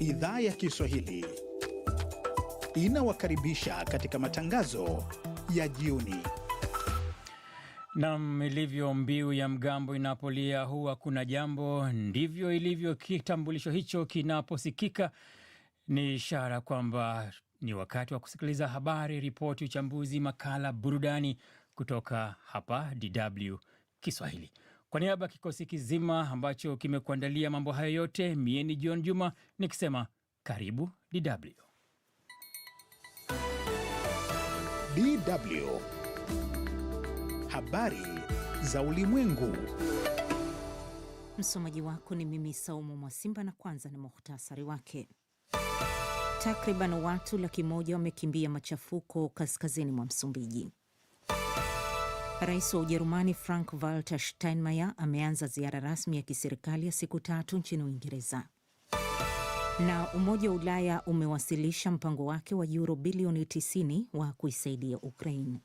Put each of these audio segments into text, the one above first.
Idhaa ya Kiswahili inawakaribisha katika matangazo ya jioni. Nam, ilivyo mbiu ya mgambo inapolia huwa kuna jambo, ndivyo ilivyo kitambulisho hicho kinaposikika, ni ishara kwamba ni wakati wa kusikiliza habari, ripoti, uchambuzi, makala, burudani kutoka hapa DW Kiswahili. Kwa niaba ya kikosi kizima ambacho kimekuandalia mambo hayo yote, mie ni John Juma nikisema karibu DW. DW Habari za Ulimwengu. Msomaji wako ni mimi Saumu Mwasimba, na kwanza ni muhtasari wake. Takriban watu laki moja wamekimbia machafuko kaskazini mwa Msumbiji. Rais wa Ujerumani Frank Walter Steinmeier ameanza ziara rasmi ya kiserikali ya siku tatu nchini Uingereza. Na Umoja wa Ulaya umewasilisha mpango wake wa yuro bilioni 90 wa kuisaidia Ukraine.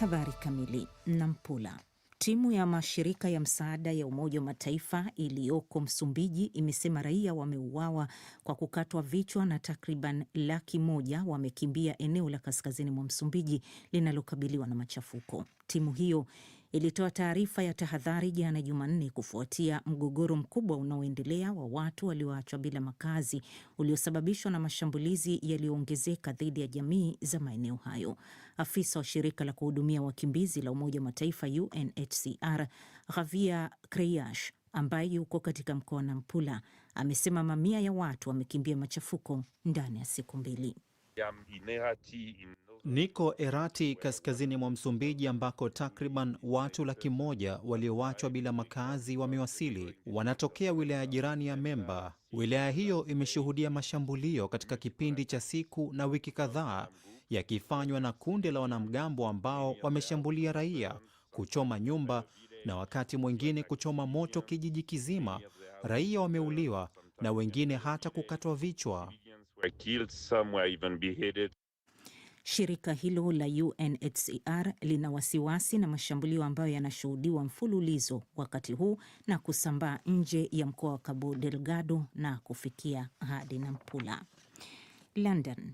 Habari kamili. Nampula Timu ya mashirika ya msaada ya Umoja wa Mataifa iliyoko Msumbiji imesema raia wameuawa kwa kukatwa vichwa na takriban laki moja wamekimbia eneo la kaskazini mwa Msumbiji linalokabiliwa na machafuko. Timu hiyo ilitoa taarifa ya tahadhari jana Jumanne kufuatia mgogoro mkubwa unaoendelea wa watu walioachwa bila makazi uliosababishwa na mashambulizi yaliyoongezeka dhidi ya jamii za maeneo hayo. Afisa wa shirika la kuhudumia wakimbizi la Umoja wa Mataifa UNHCR Ghavia Kreiash ambaye yuko katika mkoa wa Nampula amesema mamia ya watu wamekimbia machafuko ndani ya siku mbili. Niko Erati kaskazini mwa Msumbiji ambako takriban watu laki moja walioachwa bila makazi wamewasili. Wanatokea wilaya jirani ya Memba. Wilaya hiyo imeshuhudia mashambulio katika kipindi cha siku na wiki kadhaa yakifanywa na kundi la wanamgambo ambao wameshambulia raia, kuchoma nyumba na wakati mwingine kuchoma moto kijiji kizima. Raia wameuliwa na wengine hata kukatwa vichwa were killed, some were even beheaded. Shirika hilo la UNHCR lina wasiwasi na mashambulio ambayo yanashuhudiwa mfululizo wakati huu na kusambaa nje ya mkoa wa Cabo Delgado na kufikia hadi Nampula. London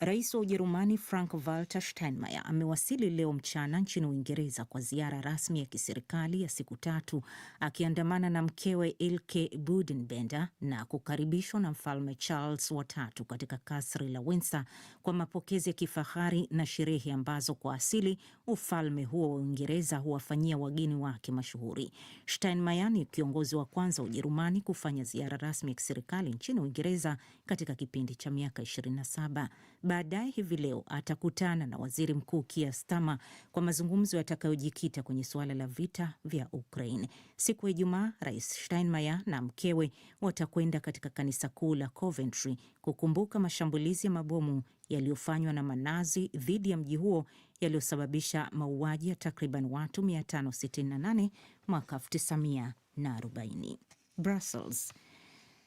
Rais wa Ujerumani Frank Walter Steinmeier amewasili leo mchana nchini Uingereza kwa ziara rasmi ya kiserikali ya siku tatu akiandamana na mkewe Ilke Budenbender na kukaribishwa na Mfalme Charles watatu katika kasri la Windsor kwa mapokezi ya kifahari na sherehe ambazo kwa asili ufalme huo wa Uingereza huwafanyia wageni wake mashuhuri. Steinmeier ni kiongozi wa kwanza wa Ujerumani kufanya ziara rasmi ya kiserikali nchini Uingereza katika kipindi cha miaka 27 baadaye hivi leo atakutana na waziri mkuu Keir Starmer kwa mazungumzo yatakayojikita kwenye suala la vita vya Ukraine. Siku ya Ijumaa, Rais Steinmeier na mkewe watakwenda katika kanisa kuu la Coventry kukumbuka mashambulizi ya mabomu yaliyofanywa na manazi dhidi ya mji huo yaliyosababisha mauaji ya takriban watu 568 mwaka 1940. Brussels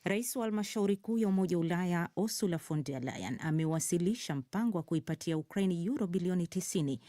Rais wa halmashauri kuu ya Umoja wa Ulaya Ursula von der Leyen amewasilisha mpango wa kuipatia Ukraini yuro bilioni 90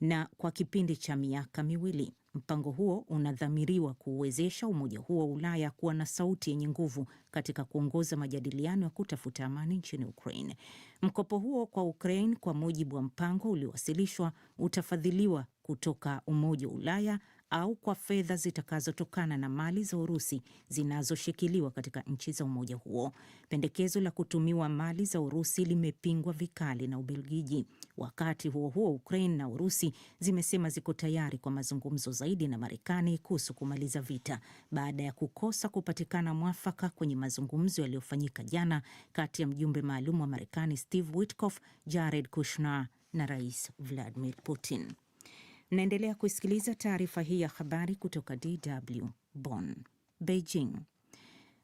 na kwa kipindi cha miaka miwili. Mpango huo unadhamiriwa kuuwezesha umoja huo wa Ulaya kuwa na sauti yenye nguvu katika kuongoza majadiliano ya kutafuta amani nchini Ukraine. Mkopo huo kwa Ukraine, kwa mujibu wa mpango uliowasilishwa, utafadhiliwa kutoka Umoja wa Ulaya au kwa fedha zitakazotokana na mali za Urusi zinazoshikiliwa katika nchi za umoja huo. Pendekezo la kutumiwa mali za Urusi limepingwa vikali na Ubelgiji. Wakati huo huo, Ukraine na Urusi zimesema ziko tayari kwa mazungumzo zaidi na Marekani kuhusu kumaliza vita baada ya kukosa kupatikana mwafaka kwenye mazungumzo yaliyofanyika jana kati ya mjumbe maalum wa Marekani Steve Witkoff, Jared Kushner na Rais Vladimir Putin naendelea kusikiliza taarifa hii ya habari kutoka DW Bonn. Beijing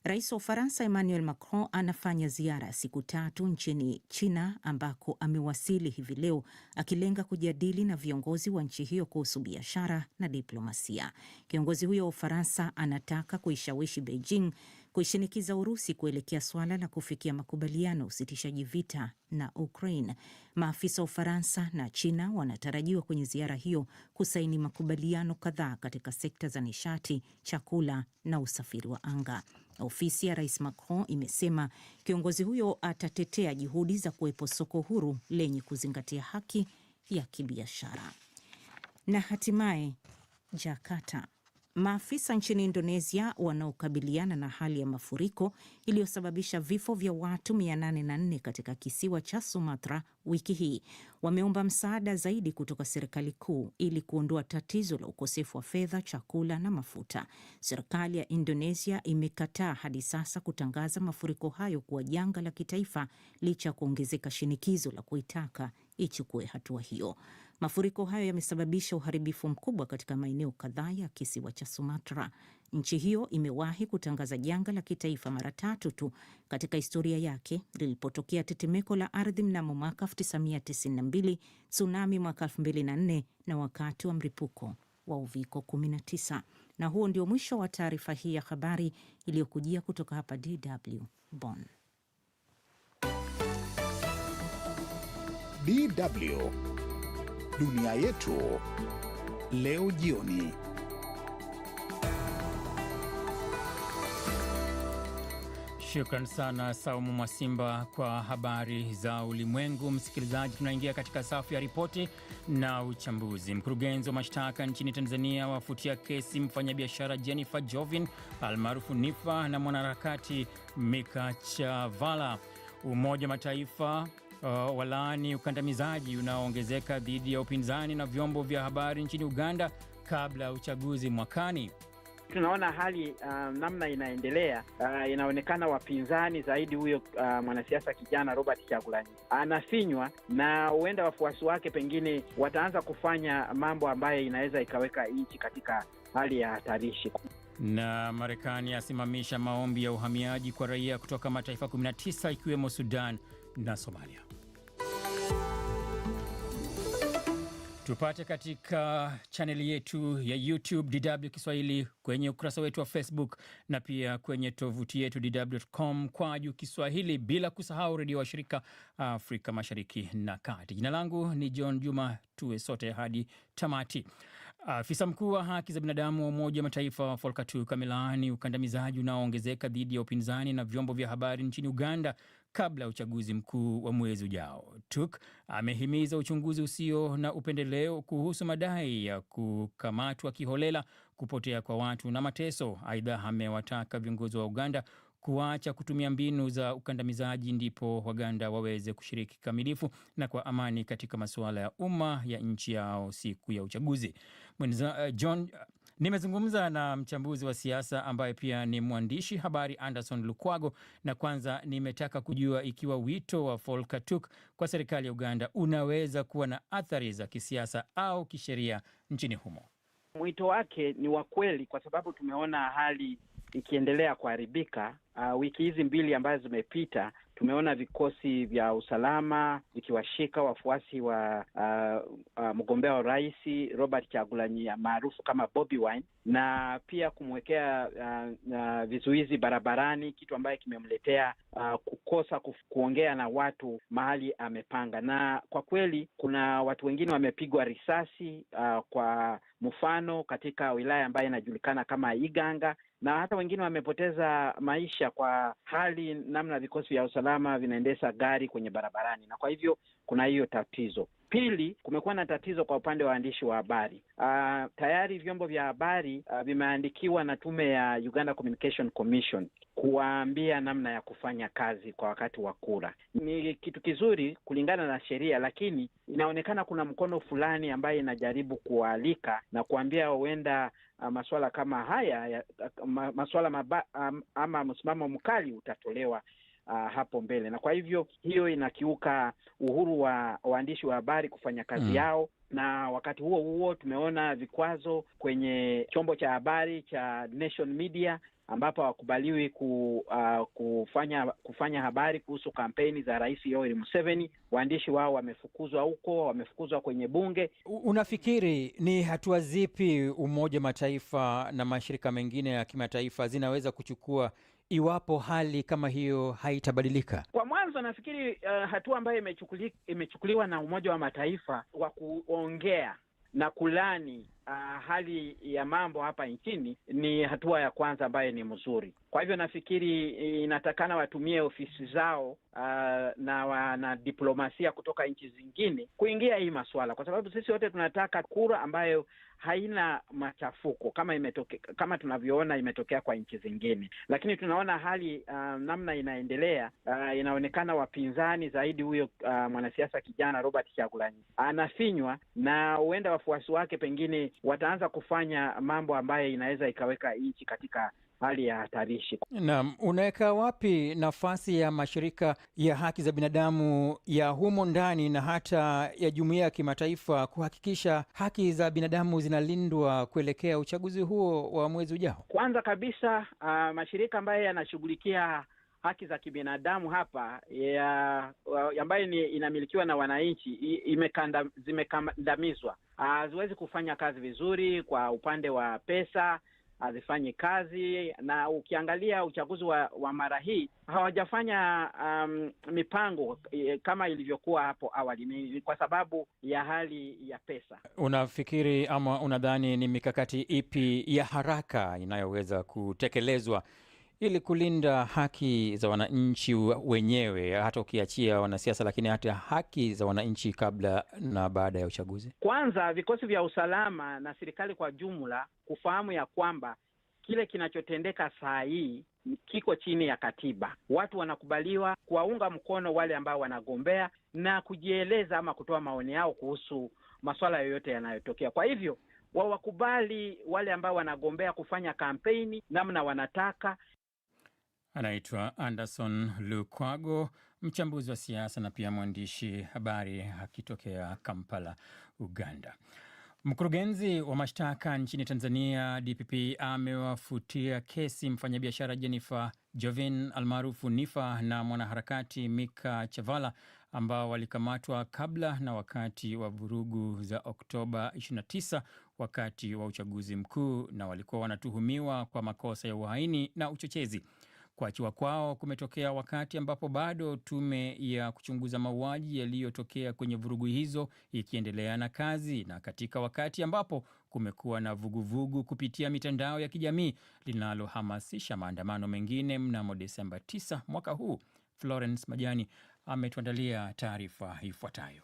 Rais wa Ufaransa Emmanuel Macron anafanya ziara ya siku tatu nchini China ambako amewasili hivi leo akilenga kujadili na viongozi wa nchi hiyo kuhusu biashara na diplomasia. Kiongozi huyo wa Ufaransa anataka kuishawishi Beijing kuishinikiza Urusi kuelekea swala la kufikia makubaliano usitishaji vita na Ukraine. Maafisa wa Ufaransa na China wanatarajiwa kwenye ziara hiyo kusaini makubaliano kadhaa katika sekta za nishati, chakula na usafiri wa anga. Ofisi ya Rais Macron imesema kiongozi huyo atatetea juhudi za kuwepo soko huru lenye kuzingatia haki ya kibiashara. Na hatimaye Jakarta Maafisa nchini Indonesia wanaokabiliana na hali ya mafuriko iliyosababisha vifo vya watu 804 katika kisiwa cha Sumatra wiki hii wameomba msaada zaidi kutoka serikali kuu ili kuondoa tatizo la ukosefu wa fedha, chakula na mafuta. Serikali ya Indonesia imekataa hadi sasa kutangaza mafuriko hayo kuwa janga la kitaifa licha ya kuongezeka shinikizo la kuitaka ichukue hatua hiyo. Mafuriko hayo yamesababisha uharibifu mkubwa katika maeneo kadhaa ya kisiwa cha Sumatra. Nchi hiyo imewahi kutangaza janga la kitaifa mara tatu tu katika historia yake, lilipotokea tetemeko la ardhi mnamo mwaka 1992, tsunami mwaka 2004 na wakati wa mripuko wa uviko 19. Na huo ndio mwisho wa taarifa hii ya habari iliyokujia kutoka hapa DW Bonn. DW Dunia Yetu leo jioni. Shukran sana Saumu Mwasimba kwa habari za ulimwengu. Msikilizaji, tunaingia katika safu ya ripoti na uchambuzi. Mkurugenzi wa mashtaka nchini Tanzania wafutia kesi mfanyabiashara Jennifer Jovin almaarufu nifa na mwanaharakati Mika Chavala. Umoja wa Mataifa uh, walaani ukandamizaji unaoongezeka dhidi ya upinzani na vyombo vya habari nchini Uganda kabla ya uchaguzi mwakani. Tunaona hali uh, namna inaendelea uh, inaonekana wapinzani zaidi, huyo uh, mwanasiasa kijana Robert chagulani anafinywa, na huenda wafuasi wake pengine wataanza kufanya mambo ambayo inaweza ikaweka nchi katika hali ya hatarishi. Na Marekani asimamisha maombi ya uhamiaji kwa raia kutoka mataifa 19 ikiwemo Sudan na Somalia. Tupate katika chaneli yetu ya YouTube DW Kiswahili, kwenye ukurasa wetu wa Facebook na pia kwenye tovuti yetu dw.com kwa juu Kiswahili, bila kusahau redio wa shirika uh, Afrika Mashariki na Kati. Jina langu ni John Juma, tuwe sote hadi tamati. Ah, afisa mkuu wa haki za binadamu wa Umoja wa Mataifa Volker Turk amelaani ukandamizaji unaoongezeka dhidi ya upinzani na vyombo vya habari nchini Uganda kabla ya uchaguzi mkuu wa mwezi ujao. Turk amehimiza uchunguzi usio na upendeleo kuhusu madai ya kukamatwa kiholela, kupotea kwa watu na mateso. Aidha, amewataka viongozi wa Uganda kuacha kutumia mbinu za ukandamizaji ndipo Waganda waweze kushiriki kikamilifu na kwa amani katika masuala ya umma ya nchi yao siku ya uchaguzi. Mwenza, uh, John Nimezungumza na mchambuzi wa siasa ambaye pia ni mwandishi habari Anderson Lukwago, na kwanza nimetaka kujua ikiwa wito wa Volker Turk kwa serikali ya Uganda unaweza kuwa na athari za kisiasa au kisheria nchini humo. Mwito wake ni wa kweli, kwa sababu tumeona hali ikiendelea kuharibika uh, wiki hizi mbili ambazo zimepita tumeona vikosi vya usalama vikiwashika wafuasi wa uh, uh, mgombea wa rais Robert chagulanyi maarufu kama Bobi Wine na pia kumwekea uh, uh, vizuizi barabarani, kitu ambayo kimemletea uh, kukosa kuf, kuongea na watu mahali amepanga. Na kwa kweli kuna watu wengine wamepigwa risasi uh, kwa mfano katika wilaya ambayo inajulikana kama Iganga, na hata wengine wamepoteza maisha kwa hali namna vikosi vya usalama vinaendesha gari kwenye barabarani, na kwa hivyo kuna hiyo tatizo. Pili, kumekuwa na tatizo kwa upande wa waandishi wa habari. Uh, tayari vyombo vya habari uh, vimeandikiwa na tume ya Uganda Communication Commission kuwaambia namna ya kufanya kazi kwa wakati wa kura. Ni kitu kizuri kulingana na sheria, lakini inaonekana kuna mkono fulani ambaye inajaribu kuwaalika na kuambia huenda uh, ah, masuala kama haya uh, masuala maba, um, ama msimamo mkali utatolewa uh, hapo mbele, na kwa hivyo hiyo inakiuka uhuru wa waandishi wa habari kufanya kazi mm. yao na wakati huo huo tumeona vikwazo kwenye chombo cha habari cha Nation Media ambapo hawakubaliwi ku, uh, kufanya kufanya habari kuhusu kampeni za Rais Yoweri Museveni. Waandishi wao wamefukuzwa huko, wamefukuzwa kwenye bunge. Unafikiri ni hatua zipi Umoja Mataifa na mashirika mengine ya kimataifa zinaweza kuchukua iwapo hali kama hiyo haitabadilika? Kwa mwanzo, nafikiri uh, hatua ambayo imechukuli, imechukuliwa na Umoja wa Mataifa wa kuongea na kulani uh, hali ya mambo hapa nchini ni hatua ya kwanza ambayo ni mzuri. Kwa hivyo nafikiri uh, inatakana watumie ofisi zao uh, na wanadiplomasia kutoka nchi zingine kuingia hii masuala, kwa sababu sisi wote tunataka kura ambayo haina machafuko kama imetoke, kama tunavyoona imetokea kwa nchi zingine, lakini tunaona hali uh, namna inaendelea uh, inaonekana wapinzani zaidi, huyo uh, mwanasiasa kijana Robert Chagulanyi anafinywa, na huenda wafuasi wake pengine wataanza kufanya mambo ambayo inaweza ikaweka nchi katika hali ya hatarishi. Naam, unaweka wapi nafasi ya mashirika ya haki za binadamu ya humo ndani na hata ya jumuiya ya kimataifa kuhakikisha haki za binadamu zinalindwa kuelekea uchaguzi huo wa mwezi ujao? Kwanza kabisa, uh, mashirika ambayo yanashughulikia haki za kibinadamu hapa ambayo inamilikiwa na wananchi zimekandamizwa, ah, haziwezi kufanya kazi vizuri kwa upande wa pesa hazifanyi kazi, na ukiangalia uchaguzi wa, wa mara hii hawajafanya um, mipango e, kama ilivyokuwa hapo awali. Ni kwa sababu ya hali ya pesa. Unafikiri ama unadhani ni mikakati ipi ya haraka inayoweza kutekelezwa ili kulinda haki za wananchi wenyewe, hata ukiachia wanasiasa, lakini hata haki za wananchi kabla na baada ya uchaguzi? Kwanza, vikosi vya usalama na serikali kwa jumla kufahamu ya kwamba kile kinachotendeka saa hii kiko chini ya katiba. Watu wanakubaliwa kuwaunga mkono wale ambao wanagombea na kujieleza ama kutoa maoni yao kuhusu masuala yoyote yanayotokea. Kwa hivyo wawakubali wale ambao wanagombea kufanya kampeni namna wanataka, Anaitwa Anderson Lukwago, mchambuzi wa siasa na pia mwandishi habari akitokea Kampala, Uganda. Mkurugenzi wa mashtaka nchini Tanzania DPP amewafutia kesi mfanyabiashara Jennifer Jovin almaarufu Nifa na mwanaharakati Mika Chavala ambao walikamatwa kabla na wakati wa vurugu za Oktoba 29 wakati wa uchaguzi mkuu na walikuwa wanatuhumiwa kwa makosa ya uhaini na uchochezi. Kuachiwa kwao kumetokea wakati ambapo bado tume ya kuchunguza mauaji yaliyotokea kwenye vurugu hizo ikiendelea na kazi, na katika wakati ambapo kumekuwa na vuguvugu vugu kupitia mitandao ya kijamii linalohamasisha maandamano mengine mnamo Desemba 9 mwaka huu. Florence Majani ametuandalia taarifa ifuatayo.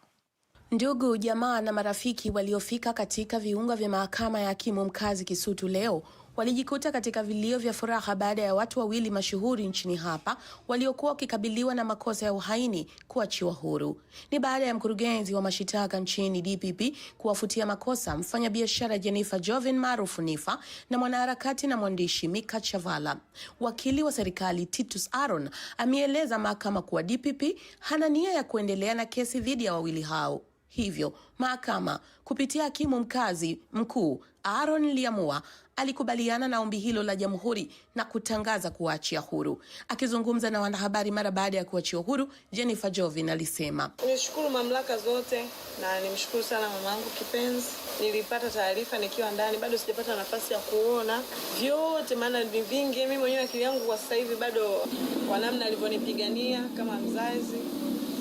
Ndugu jamaa na marafiki waliofika katika viunga vya mahakama ya hakimu mkazi Kisutu leo walijikuta katika vilio vya furaha baada ya watu wawili mashuhuri nchini hapa waliokuwa wakikabiliwa na makosa ya uhaini kuachiwa huru. Ni baada ya mkurugenzi wa mashitaka nchini DPP kuwafutia makosa mfanyabiashara Jennifer Jovin maarufu nifa na mwanaharakati na mwandishi Mika Chavala. Wakili wa serikali Titus aron ameeleza mahakama kuwa DPP hana nia ya kuendelea na kesi dhidi ya wawili hao. Hivyo mahakama kupitia hakimu mkazi mkuu Aaron Liamua alikubaliana na ombi hilo la jamhuri na kutangaza kuwaachia huru. Akizungumza na wanahabari mara baada ya kuachia huru, Jennifer Jovin alisema, nishukuru mamlaka zote na nimshukuru sana mamangu kipenzi. Nilipata taarifa nikiwa ndani, bado sijapata nafasi ya kuona vyote, maana ni vingi. Mimi mwenyewe akili yangu kwa sasa hivi bado, kwa namna alivyonipigania kama mzazi,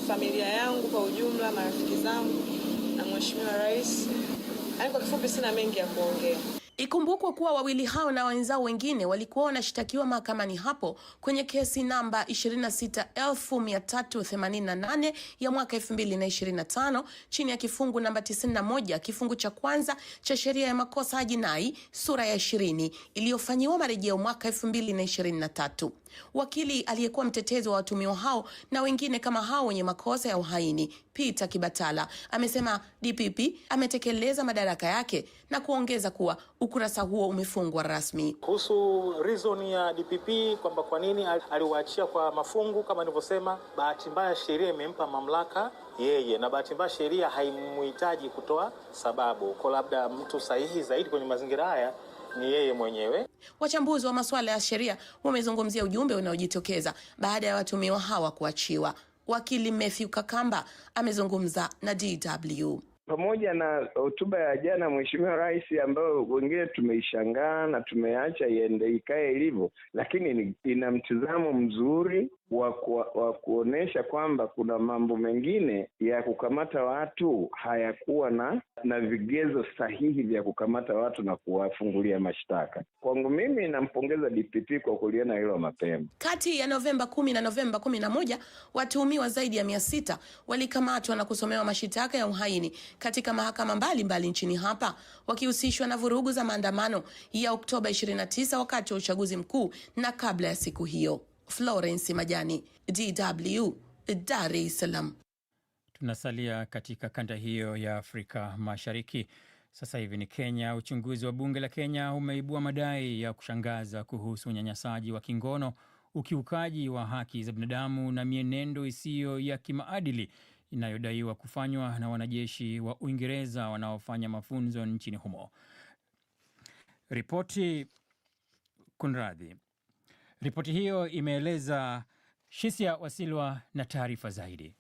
familia yangu kwa ujumla, marafiki zangu na mheshimiwa rais. Yaani kwa kifupi, sina mengi ya kuongea. Ikumbukwa kuwa wawili hao na wenzao wengine walikuwa wanashtakiwa mahakamani hapo kwenye kesi namba 26388 ya mwaka 2025 chini ya kifungu namba 91 kifungu cha kwanza cha sheria ya makosa ya jinai sura ya 20 iliyofanyiwa marejeo mwaka 2023. Wakili aliyekuwa mtetezi wa watumio hao na wengine kama hao wenye makosa ya uhaini Peter Kibatala amesema DPP ametekeleza madaraka yake na kuongeza kuwa ukurasa huo umefungwa rasmi. Kuhusu reason ya DPP kwamba kwa nini aliwaachia kwa mafungu, kama nilivyosema, bahati mbaya sheria imempa mamlaka yeye na bahati mbaya sheria haimuhitaji kutoa sababu, kwa labda mtu sahihi zaidi kwenye mazingira haya ni yeye mwenyewe. Wachambuzi wa masuala ya sheria wamezungumzia ujumbe unaojitokeza baada ya watumiwa hawa kuachiwa. Wakili Matthew Kakamba amezungumza na DW pamoja na hotuba ya jana Mheshimiwa Rais ambayo wengine tumeishangaa na tumeacha iende ikae ilivyo, lakini ina mtizamo mzuri wa, wa kuonesha kwamba kuna mambo mengine ya kukamata watu hayakuwa na na vigezo sahihi vya kukamata watu na kuwafungulia mashtaka. Kwangu mimi nampongeza DPP kwa kuliona hilo mapema. Kati ya Novemba kumi na Novemba kumi na moja watuhumiwa zaidi ya mia sita walikamatwa na kusomewa mashitaka ya uhaini katika mahakama mbalimbali mbali nchini hapa wakihusishwa na vurugu za maandamano ya Oktoba 29 wakati wa uchaguzi mkuu na kabla ya siku hiyo. Florence Majani, DW, Dar es Salaam. Tunasalia katika kanda hiyo ya Afrika Mashariki. Sasa hivi ni Kenya. Uchunguzi wa bunge la Kenya umeibua madai ya kushangaza kuhusu unyanyasaji wa kingono, ukiukaji wa haki za binadamu na mienendo isiyo ya kimaadili inayodaiwa kufanywa na wanajeshi wa Uingereza wanaofanya mafunzo nchini humo. Ripoti kunradhi, ripoti hiyo imeeleza. Shisia Wasilwa na taarifa zaidi.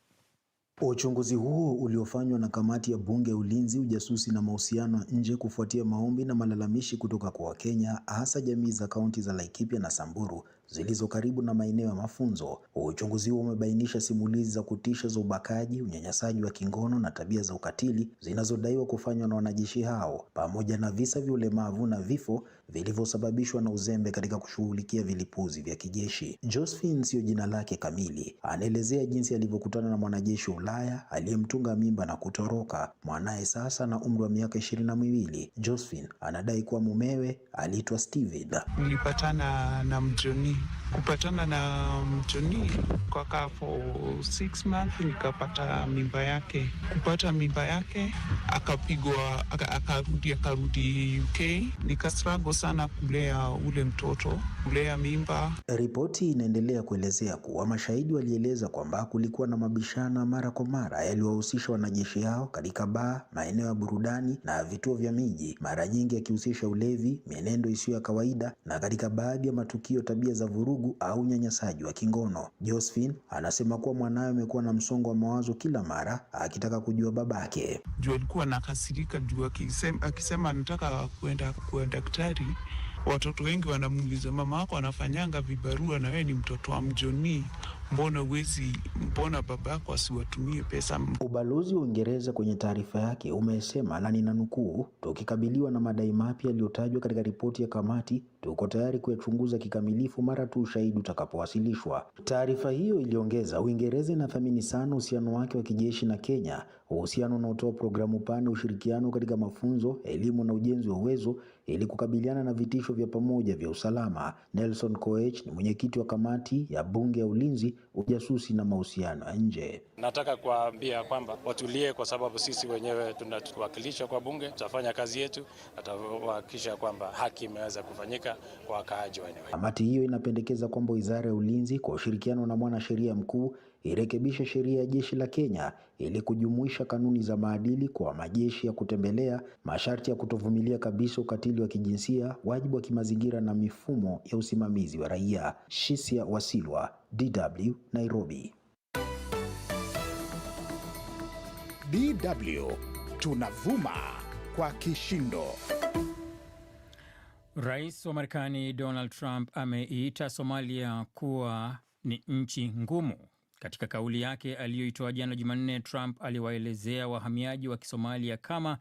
Uchunguzi huo uliofanywa na kamati ya bunge ya ulinzi, ujasusi na mahusiano ya nje kufuatia maombi na malalamishi kutoka kwa Wakenya hasa jamii za kaunti za Laikipia na Samburu zilizo karibu na maeneo ya mafunzo. Uchunguzi huo umebainisha simulizi za kutisha za ubakaji, unyanyasaji wa kingono na tabia za ukatili zinazodaiwa kufanywa na wanajeshi hao, pamoja na visa vya ulemavu na vifo vilivyosababishwa na uzembe katika kushughulikia vilipuzi vya kijeshi. Josephine siyo jina lake kamili, anaelezea jinsi alivyokutana na mwanajeshi wa Ulaya aliyemtunga mimba na kutoroka. Mwanaye sasa na umri wa miaka ishirini na miwili. Josephine anadai kuwa mumewe aliitwa Steven. Nilipatana na mjoni kupatana na mtoni kwa kaa for six months, nikapata mimba yake. Kupata mimba yake akapigwa, akarudi akarudi UK, nikastrago sana kulea ule mtoto, kulea mimba. Ripoti inaendelea kuelezea kuwa mashahidi walieleza kwamba kulikuwa na mabishana mara kwa mara yaliwahusisha wanajeshi hao katika baa, maeneo ya burudani na vituo vya miji, mara nyingi yakihusisha ulevi, mienendo isiyo ya kawaida, na katika baadhi ya matukio tabia za vurugu au unyanyasaji wa kingono. Josephine anasema kuwa mwanawe amekuwa na msongo wa mawazo kila mara akitaka kujua babake. Juu alikuwa nakasirika juu akisema, akisema anataka kuenda kwa daktari Watoto wengi wanamuuliza mama wako anafanyanga vibarua, na wewe ni mtoto wa mjoni, mbona uwezi, mbona baba yako asiwatumie pesa? Ubalozi wa Uingereza kwenye taarifa yake umesema, na ninanukuu, tukikabiliwa na madai mapya yaliyotajwa katika ripoti ya kamati, tuko tayari kuyachunguza kikamilifu mara tu ushahidi utakapowasilishwa. Taarifa hiyo iliongeza, Uingereza inathamini sana uhusiano wake wa kijeshi na Kenya, uhusiano unaotoa programu pana, ushirikiano katika mafunzo, elimu na ujenzi wa uwezo ili kukabiliana na vitisho vya pamoja vya usalama. Nelson Koech ni mwenyekiti wa kamati ya bunge ya ulinzi, ujasusi na mahusiano ya nje. Nataka kuwaambia kwamba watulie, kwa sababu sisi wenyewe tunatuwakilisha kwa bunge, tutafanya kazi yetu, atahakikisha kwamba haki imeweza kufanyika kwa wakaaji wa eneo. Kamati hiyo inapendekeza kwamba wizara ya ulinzi kwa ushirikiano na mwanasheria mkuu irekebishe sheria ya jeshi la Kenya ili kujumuisha kanuni za maadili kwa majeshi ya kutembelea, masharti ya kutovumilia kabisa ukatili wa kijinsia, wajibu wa kimazingira na mifumo ya usimamizi wa raia. Shisia Wasilwa, DW Nairobi. DW tunavuma kwa kishindo. Rais wa Marekani Donald Trump ameiita Somalia kuwa ni nchi ngumu katika kauli yake aliyoitoa jana Jumanne, Trump aliwaelezea wahamiaji wa Kisomalia kama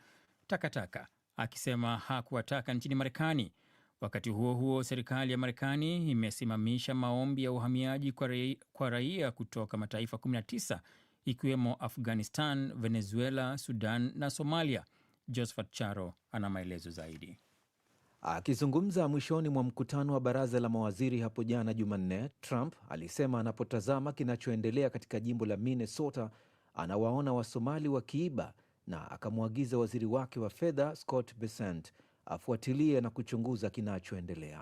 takataka akisema hakuwataka nchini Marekani. Wakati huo huo, serikali ya Marekani imesimamisha maombi ya uhamiaji kwa, rei, kwa raia kutoka mataifa 19 ikiwemo Afghanistan, Venezuela, Sudan na Somalia. Josephat Charo ana maelezo zaidi. Akizungumza mwishoni mwa mkutano wa baraza la mawaziri hapo jana Jumanne, Trump alisema anapotazama kinachoendelea katika jimbo la Minnesota anawaona Wasomali wakiiba na akamwagiza waziri wake wa fedha Scott Bessent afuatilie na kuchunguza kinachoendelea.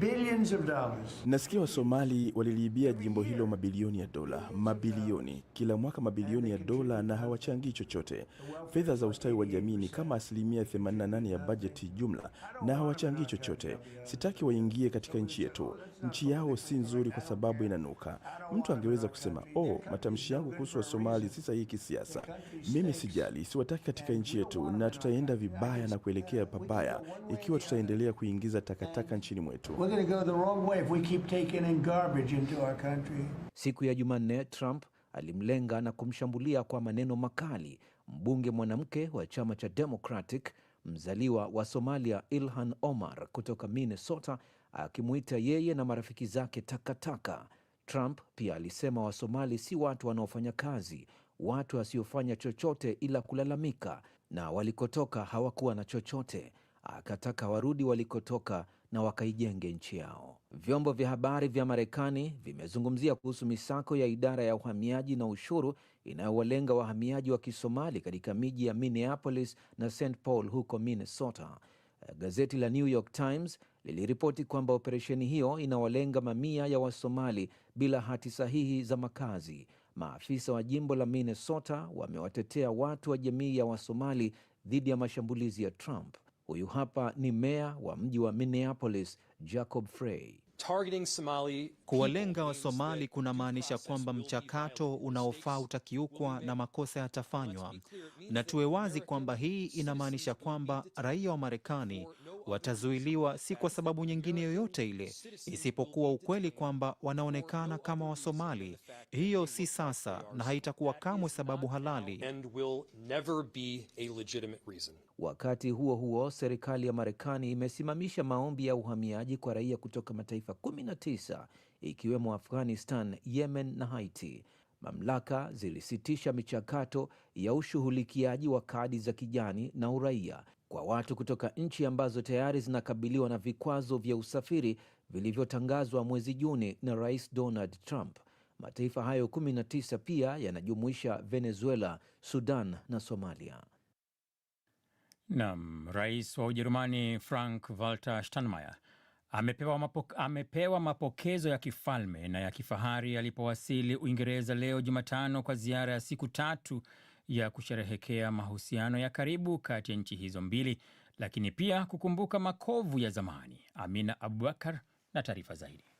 Billions of dollars. Nasikia Wasomali waliliibia jimbo hilo mabilioni ya dola, mabilioni kila mwaka, mabilioni ya dola na hawachangii chochote. Fedha za ustawi wa jamii ni kama asilimia 88 ya bajeti jumla na hawachangii chochote. Sitaki waingie katika nchi yetu, nchi yao si nzuri kwa sababu inanuka. Mtu angeweza kusema oh, matamshi yangu kuhusu Wasomali si sahihi kisiasa. Mimi sijali, siwataki katika nchi yetu, na tutaenda vibaya na kuelekea pabaya ikiwa tutaendelea kuingiza takataka nchini mwetu. We're going to go the wrong way if we keep taking in garbage into our country. Siku ya Jumanne, Trump alimlenga na kumshambulia kwa maneno makali mbunge mwanamke wa chama cha Democratic mzaliwa wa Somalia Ilhan Omar kutoka Minnesota akimuita yeye na marafiki zake takataka. Trump pia alisema Wasomali si watu wanaofanya kazi, watu wasiofanya chochote ila kulalamika, na walikotoka hawakuwa na chochote. Akataka warudi walikotoka na wakaijenge nchi yao. Vyombo vya habari vya Marekani vimezungumzia kuhusu misako ya idara ya uhamiaji na ushuru inayowalenga wahamiaji wa Kisomali katika miji ya Minneapolis na St Paul huko Minnesota. Gazeti la New York Times liliripoti kwamba operesheni hiyo inawalenga mamia ya Wasomali bila hati sahihi za makazi. Maafisa wa jimbo la Minnesota wamewatetea watu wa jamii ya Wasomali dhidi ya mashambulizi ya Trump. Huyu hapa ni meya wa mji wa Minneapolis Jacob Frey. Targeting Somali Kuwalenga Wasomali kunamaanisha kwamba mchakato unaofaa utakiukwa na makosa yatafanywa, na tuwe wazi kwamba hii inamaanisha kwamba raia wa Marekani watazuiliwa si kwa sababu nyingine yoyote ile isipokuwa ukweli kwamba wanaonekana kama Wasomali. Hiyo si sasa na haitakuwa kamwe sababu halali. Wakati huo huo, serikali ya Marekani imesimamisha maombi ya uhamiaji kwa raia kutoka mataifa 19 ikiwemo Afghanistan, Yemen na Haiti, mamlaka zilisitisha michakato ya ushughulikiaji wa kadi za kijani na uraia kwa watu kutoka nchi ambazo tayari zinakabiliwa na vikwazo vya usafiri vilivyotangazwa mwezi Juni na Rais Donald Trump. Mataifa hayo 19 pia yanajumuisha Venezuela, Sudan na Somalia. Naam, Rais wa Ujerumani Frank Walter Steinmeier Amepewa, mapo, amepewa mapokezo ya kifalme na ya kifahari alipowasili Uingereza leo Jumatano kwa ziara ya siku tatu ya kusherehekea mahusiano ya karibu kati ya nchi hizo mbili, lakini pia kukumbuka makovu ya zamani. Amina Abubakar na taarifa zaidi.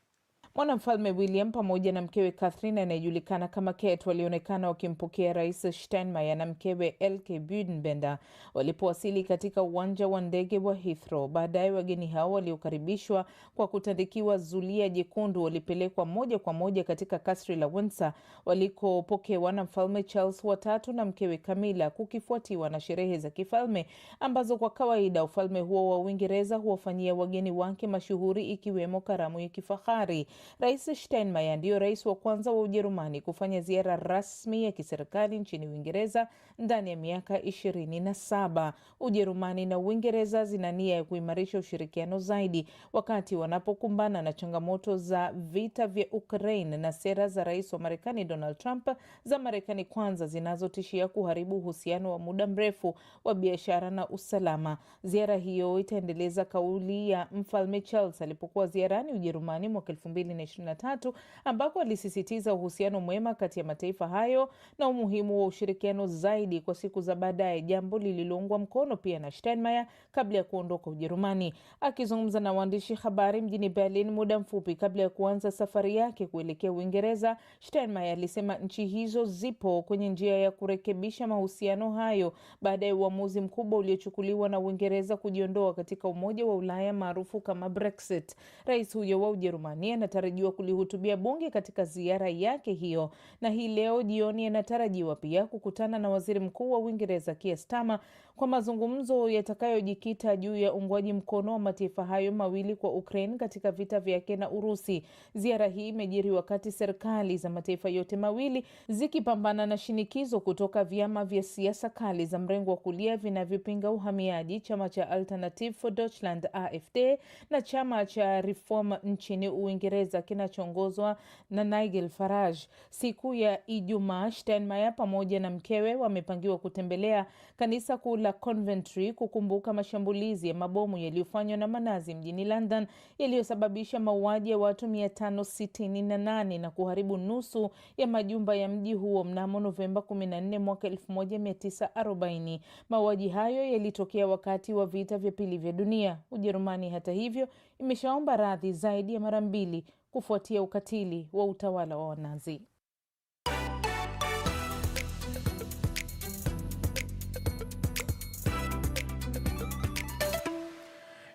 Mwanamfalme William pamoja na mkewe kathrin anayejulikana kama ket walionekana wakimpokea Rais Steinmeier na mkewe Elke Budenbender walipowasili katika uwanja wa ndege wa hithro Baadaye wageni hao waliokaribishwa kwa kutandikiwa zulia jekundu walipelekwa moja kwa moja katika kasri la winsa walikopokewa na Mfalme Charles watatu na mkewe kamila kukifuatiwa na sherehe za kifalme ambazo kwa kawaida ufalme huo wa Uingereza huwafanyia wageni wake mashuhuri ikiwemo karamu ya kifahari. Rais Steinmeier ndiyo rais wa kwanza wa Ujerumani kufanya ziara rasmi ya kiserikali nchini Uingereza ndani ya miaka ishirini na saba. Ujerumani na Uingereza zina nia ya kuimarisha ushirikiano zaidi wakati wanapokumbana na changamoto za vita vya Ukraine na sera za rais wa Marekani Donald Trump za Marekani kwanza zinazotishia kuharibu uhusiano wa muda mrefu wa biashara na usalama. Ziara hiyo itaendeleza kauli ya Mfalme Charles alipokuwa ziarani Ujerumani mwaka elfu mbili 2023 ambako alisisitiza uhusiano mwema kati ya mataifa hayo na umuhimu wa ushirikiano zaidi kwa siku za baadaye, jambo lililoungwa mkono pia na Steinmeier kabla ya kuondoka Ujerumani. Akizungumza na waandishi habari mjini Berlin muda mfupi kabla ya kuanza safari yake kuelekea Uingereza, Steinmeier alisema nchi hizo zipo kwenye njia ya kurekebisha mahusiano hayo baada ya uamuzi mkubwa uliochukuliwa na Uingereza kujiondoa katika Umoja wa Ulaya maarufu kama Brexit. Rais huyo wa Ujerumani anatarajia anatarajiwa kulihutubia bunge katika ziara yake hiyo, na hii leo jioni anatarajiwa pia kukutana na waziri mkuu wa Uingereza kiestama kwa mazungumzo yatakayojikita juu ya uungwaji mkono wa mataifa hayo mawili kwa Ukraine katika vita vyake na Urusi. Ziara hii imejiri wakati serikali za mataifa yote mawili zikipambana na shinikizo kutoka vyama vya siasa kali za mrengo wa kulia vinavyopinga uhamiaji, chama cha Alternative for Deutschland AfD na chama cha Reform nchini Uingereza. Uingereza kinachoongozwa na Nigel Farage. Siku ya Ijumaa, Steinmeier pamoja na mkewe wamepangiwa kutembelea kanisa kuu la Coventry kukumbuka mashambulizi ya mabomu yaliyofanywa na manazi mjini London yaliyosababisha mauaji ya watu 568 na kuharibu nusu ya majumba ya mji huo mnamo Novemba 14 mwaka 1940. Mauaji hayo yalitokea wakati wa vita vya pili vya dunia. Ujerumani hata hivyo imeshaomba radhi zaidi ya mara mbili kufuatia ukatili wa utawala wa Wanazi.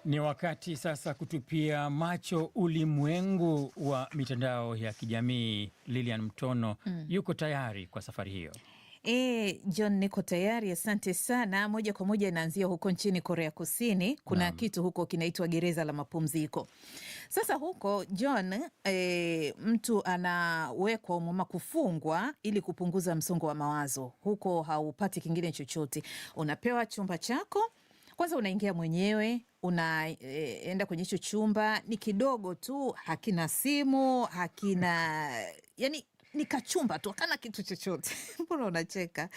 Ni wakati sasa kutupia macho ulimwengu wa mitandao ya kijamii. Lilian Mtono mm. yuko tayari kwa safari hiyo? E, John niko tayari, asante sana. Moja kwa moja inaanzia huko nchini Korea Kusini. Kuna Naam. kitu huko kinaitwa gereza la mapumziko. Sasa huko John, e, mtu anawekwa umma kufungwa ili kupunguza msongo wa mawazo. Huko haupati kingine chochote, unapewa chumba chako kwanza, unaingia mwenyewe unaenda eh, e, kwenye hicho chumba. Ni kidogo tu, hakina simu, hakina yani, ni kachumba tu, hakana kitu chochote mbona unacheka?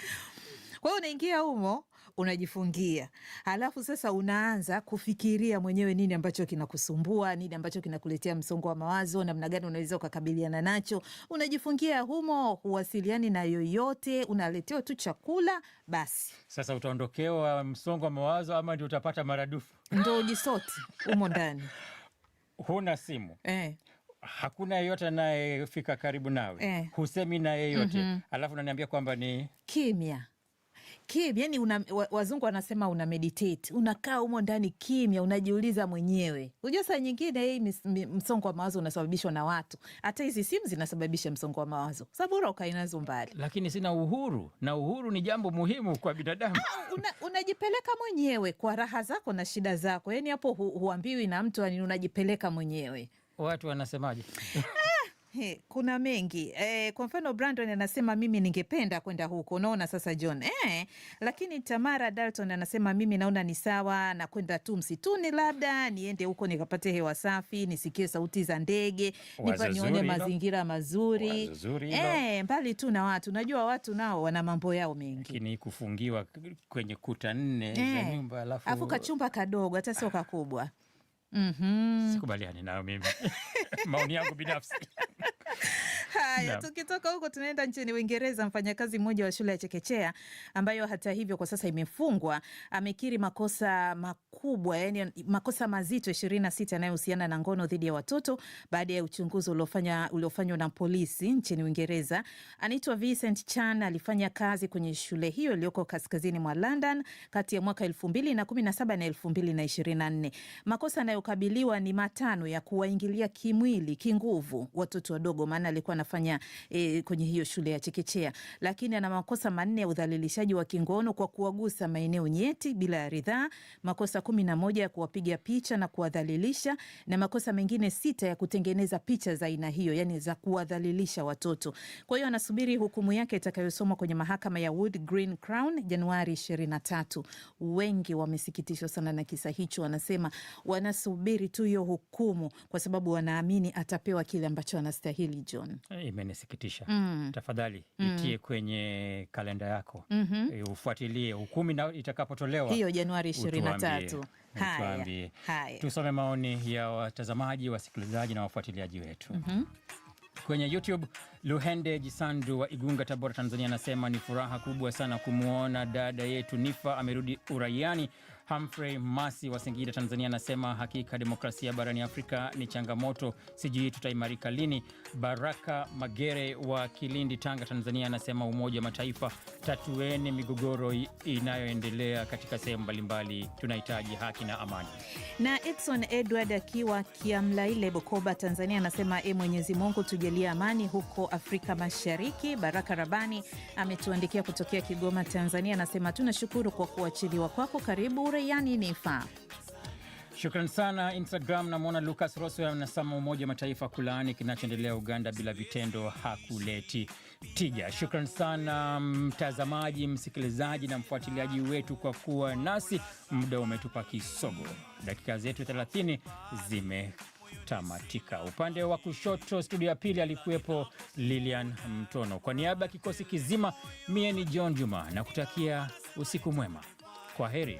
Kwa hiyo unaingia humo unajifungia, alafu sasa unaanza kufikiria mwenyewe nini ambacho kinakusumbua, nini ambacho kinakuletea msongo wa mawazo, namna gani unaweza ukakabiliana nacho. Unajifungia humo, huwasiliani na yoyote, unaletewa tu chakula basi. Sasa utaondokewa msongo wa mawazo ama ndio utapata maradufu, ndo ujisoti humo ndani huna simu eh. Hakuna yeyote anayefika karibu nawe eh. Husemi na yeyote mm -hmm. Alafu unaniambia kwamba ni kimya kim, yani una, wazungu wanasema una meditate, unakaa humo ndani kimya, unajiuliza mwenyewe. Unajua saa nyingine hii msongo wa mawazo unasababishwa na watu, hata hizi simu zinasababisha msongo wa mawazo, sababu ukainazo ukae nazo mbali. Lakini sina uhuru, na uhuru ni jambo muhimu kwa binadamu. Ah, unajipeleka una mwenyewe kwa raha zako na shida zako, yani hapo hu, huambiwi na mtu, yani unajipeleka mwenyewe. Watu wanasemaje? He, kuna mengi e, kwa mfano Brandon anasema mimi ningependa kwenda huko, unaona sasa John e, lakini Tamara Dalton anasema mimi naona ni sawa na kwenda tu msituni, labda niende huko nikapate hewa safi, nisikie sauti za ndege, nione mazingira mazuri e, mbali tu na watu. Najua watu nao wana mambo yao mengi, lakini kufungiwa kwenye kuta nne za nyumba, alafu kachumba kadogo hata sio ah. kakubwa Mm -hmm. Sikubaliani nayo mimi maoni yangu binafsi Haya, tukitoka huko tunaenda nchini Uingereza. Mfanyakazi mmoja wa shule ya chekechea ambayo hata hivyo kwa sasa imefungwa amekiri makosa makubwa, yani makosa mazito ishirini na sita yanayohusiana na ngono dhidi ya watoto baada ya uchunguzi uliofanywa na polisi nchini Uingereza. Anaitwa Vincent Chan, alifanya kazi kwenye shule hiyo iliyoko kaskazini mwa London kati ya mwaka elfu mbili na kumi na saba na elfu mbili na ishirini na nne makosa anayo wanaokabiliwa ni matano ya kuwaingilia kimwili, kinguvu watoto wadogo, maana alikuwa anafanya e, kwenye hiyo shule ya chekechea, lakini ana makosa manne ya udhalilishaji wa kingono kwa kuwagusa maeneo nyeti bila ya ridhaa, makosa kumi na moja ya kuwapiga picha na kuwadhalilisha, na makosa mengine sita ya kutengeneza picha za aina hiyo, yani za kuwadhalilisha watoto. Kwa hiyo anasubiri hukumu yake itakayosomwa kwenye mahakama ya Wood Green Crown Januari 23. Wengi wamesikitishwa sana na kisa hicho, wanasema wanasu wanasubiri tu hiyo hukumu, kwa sababu wanaamini atapewa kile ambacho anastahili. John, eh, imenisikitisha mm. Tafadhali mm. itie kwenye kalenda yako mm -hmm. Ufuatilie hukumu na itakapotolewa hiyo Januari 23. Haya, haya, tusome maoni ya watazamaji, wasikilizaji na wafuatiliaji wetu mm -hmm. Kwenye YouTube Luhende Jisandu wa Igunga, Tabora, Tanzania anasema ni furaha kubwa sana kumwona dada yetu Nifa amerudi uraiani Humphrey Masi wa Singida, Tanzania, anasema hakika demokrasia barani Afrika ni changamoto, sijui tutaimarika lini. Baraka Magere wa Kilindi, Tanga, Tanzania, anasema Umoja wa Mataifa, tatueni migogoro inayoendelea katika sehemu mbalimbali, tunahitaji haki na amani. Na Edson Edward akiwa Kiamlaile, Bukoba, Tanzania, anasema e, Mwenyezi Mungu tujalie amani huko Afrika Mashariki. Baraka Rabani ametuandikia kutokea Kigoma, Tanzania, anasema tunashukuru kwa kuachiliwa kwako, karibu reyani nifa Shukran sana Instagram. Namwona Lucas Rosso anasema Umoja Mataifa kulaani kinachoendelea Uganda bila vitendo hakuleti tija. Shukran sana mtazamaji, msikilizaji na mfuatiliaji wetu kwa kuwa nasi. Muda umetupa kisogo, dakika zetu 30 zimetamatika. Upande wa kushoto studio ya pili alikuwepo Lilian Mtono. Kwa niaba ya kikosi kizima, mie ni John Juma na kutakia usiku mwema, kwa heri.